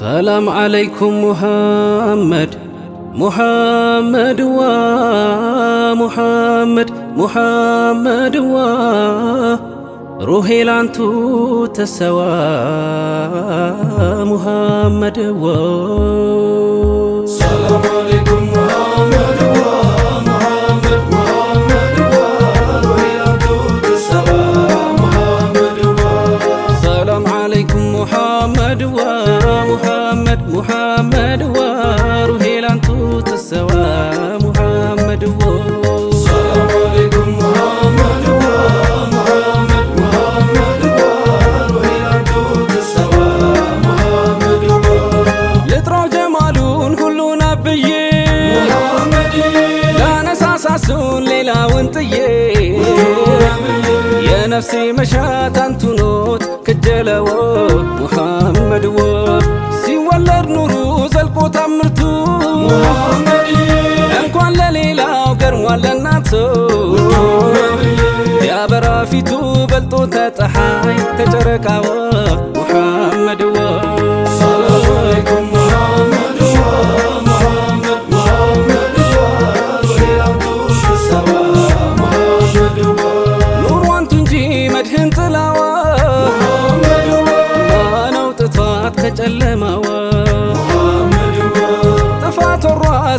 ሰላም ዓለይኩም ሙሐመድ ሙሐመድ ዋ ሙሐመድ ሙሐመድ ዋ ሩሄ ላንቱ ተሰዋ ሙሐመድ ዋ እንኳን ለሌላው ገርሟል ለእናቱ ያበራ ፊቱ በልጦ ተፀሐይ ተጨረቃዋ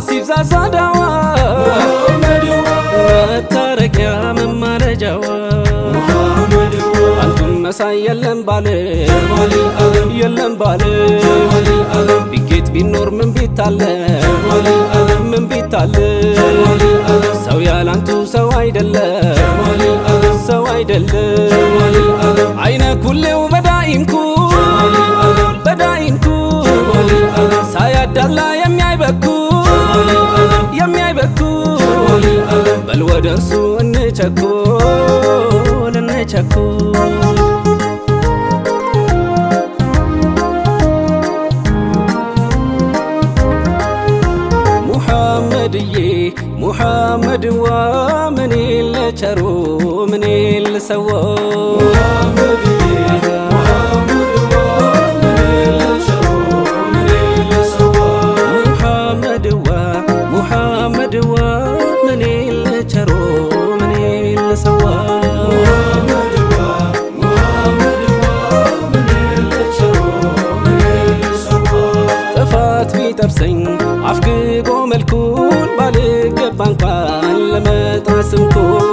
ሲብዛዛ ዳዋ መታረቂያ መማረጃዋ አንቱም መሳይ የለም ባለ የለም ባለ ቢጌጥ ቢኖር ምን ቢታለ ምን ቢታለ ሰው ያላንቱ ሰው አይደለም ሰው አይደለም አይነ ኩሌው በዳኢምኩ ደርሱ እንቸኩል እንቸኩል ሙሐመድዬ ሙሐመድዋ ምን ለቸሩ ምን ልሰወ ሲያቀርሰኝ አፍግጎ መልኩን ባልገባ እንኳን ለመጣ ስንኩን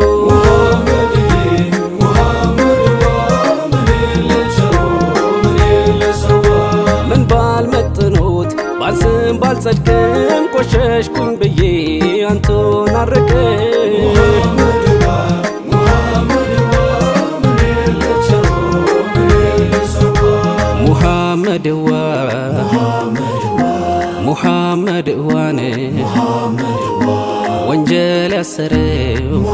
ወንጀል ያሰረው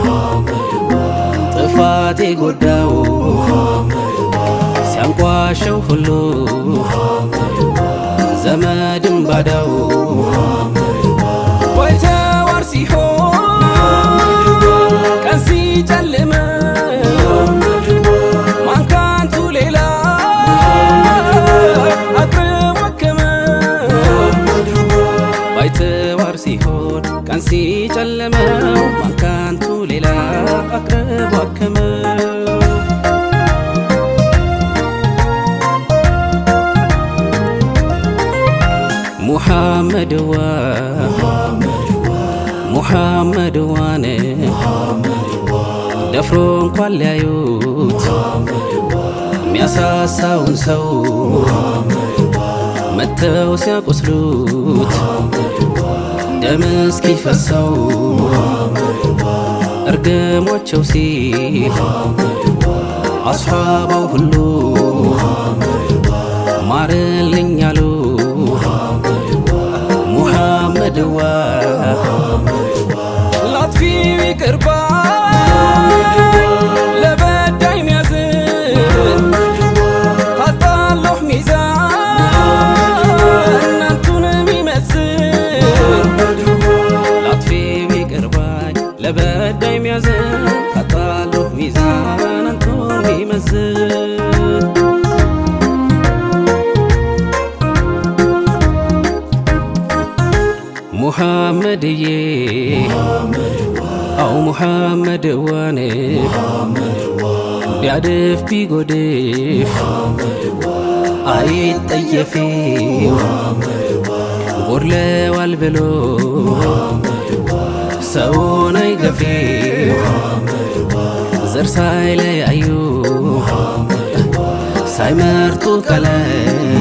ጥፋት የጎዳው ሲያንቋሸው ሁሉ ዘመድም ባዳው ሙሐመድ ዋ ሙሐመድ ዋን ደፍሮ እንኳን ሊያዩት የሚያሳሳውን ሰው መተው ሲያቆስሉት ደም እስኪፈሰው እርገሟቸው ሲል አስሓባው ሁሉ ማርልኛል محمد وا لا تفي كربا ሙሐመድዬ አው ሙሐመድ ዋኔ ቢያድፍ ቢጎድፍ አይጠየፌ ጎድለዋል ብሎ ሰውን አይገፌ ዘር ሳይለያዩ ሳይመርጡ ቀለም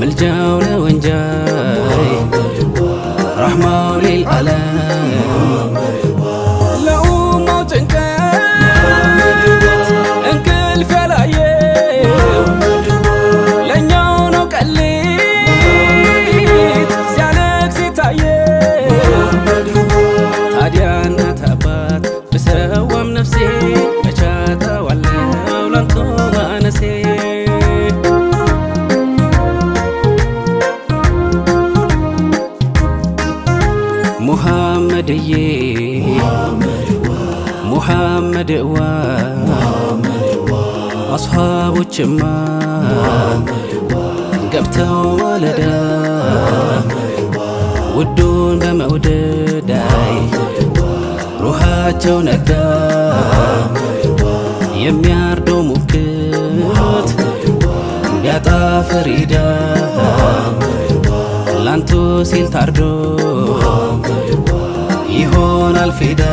ምልጃው ለወንጃ ዲዕዋን አስሓቦችማ ገብተው ማለዳ ውዱን በመውደዳይ ሩሃቸው ነጋ የሚያርዶ ሙክት እንዲያጣ ፈሪዳ ላንቱ ሲል ታርዶ ይሆናል ፊዳ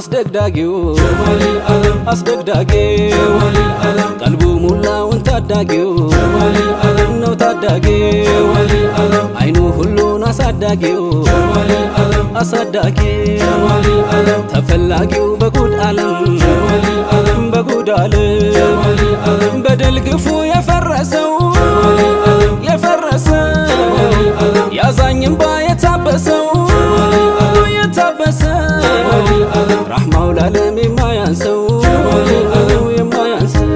አስደግዳጊው አስደግዳጊው ቀልቡ ሙላውን ታዳጊው ነው ታዳጊ አይኑ ሁሉን አሳዳጊው አሳዳጊ ተፈላጊው በጉድ ዓለም በጉድ ዓለም በደል ግፉ የፈረሰው የፈረሰ ያዛኝም ባየታበሰው ራህማው ላለም የማያንሰው ነው የማያንሰው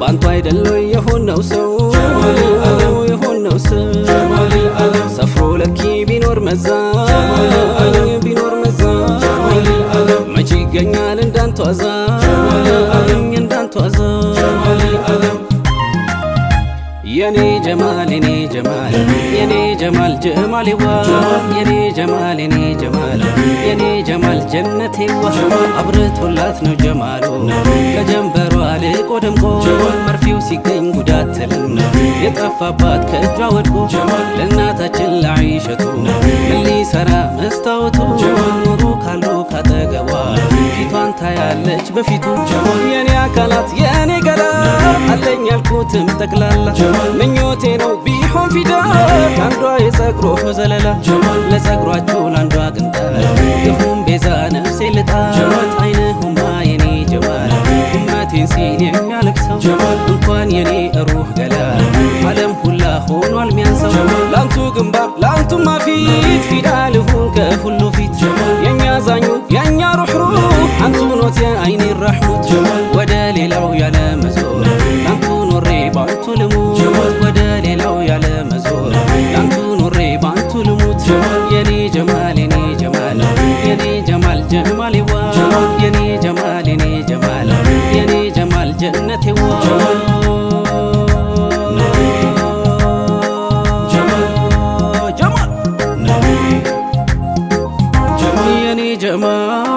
ባንቱ አይደለ የሆነው ሰው የሆነው ሰው ሰፍሮ ለኪ ቢኖር መዛ ቢኖር መዛ መች ይገኛል እንዳንተዛ እንዳንተዛ የኔ ጀማል የኔ ጀማል የኔ ጀማል ጀማልዋ የኔ ጀማል የኔ ጀማል የኔ ጀማል ጀነቴዋ አብርቶላት ነው ጀማሉ ከጀንበሯ ልቆ ደምቆ መርፌው ሲገኝ ጉዳት ተልም የጠፋባት ከእጇ ወድቆ ለእናታችን ለአይሸቱ ምን ሊሰራ መስታወቱ ኑሩ ካሉ ካጠገቧ ፊቷን ታያለች በፊቱ ሕይወትም ጠቅላላ ምኞቴ ነው ቢሆን ፊዳ አንዷ የጸጉሮ ዘለላ ለጸጉሯችሁ ለአንዷ ቅንጣ ይሁን ቤዛ ነፍሴ አይነ አይንሁማ የኔ ጀማል እመቴን ሲን የሚያለቅሰው እንኳን የኔ ሩህ ገላ አለም ሁላ ሆኗል ሚያንሰው ለአንቱ ግንባር ለአንቱ ማፊት ፊዳ ልሁን ከሁሉ ፊት የእኛ ዛኙ የእኛ ሩሕሩ አንቱ ኖት የአይኔ ራሕሙት Jamal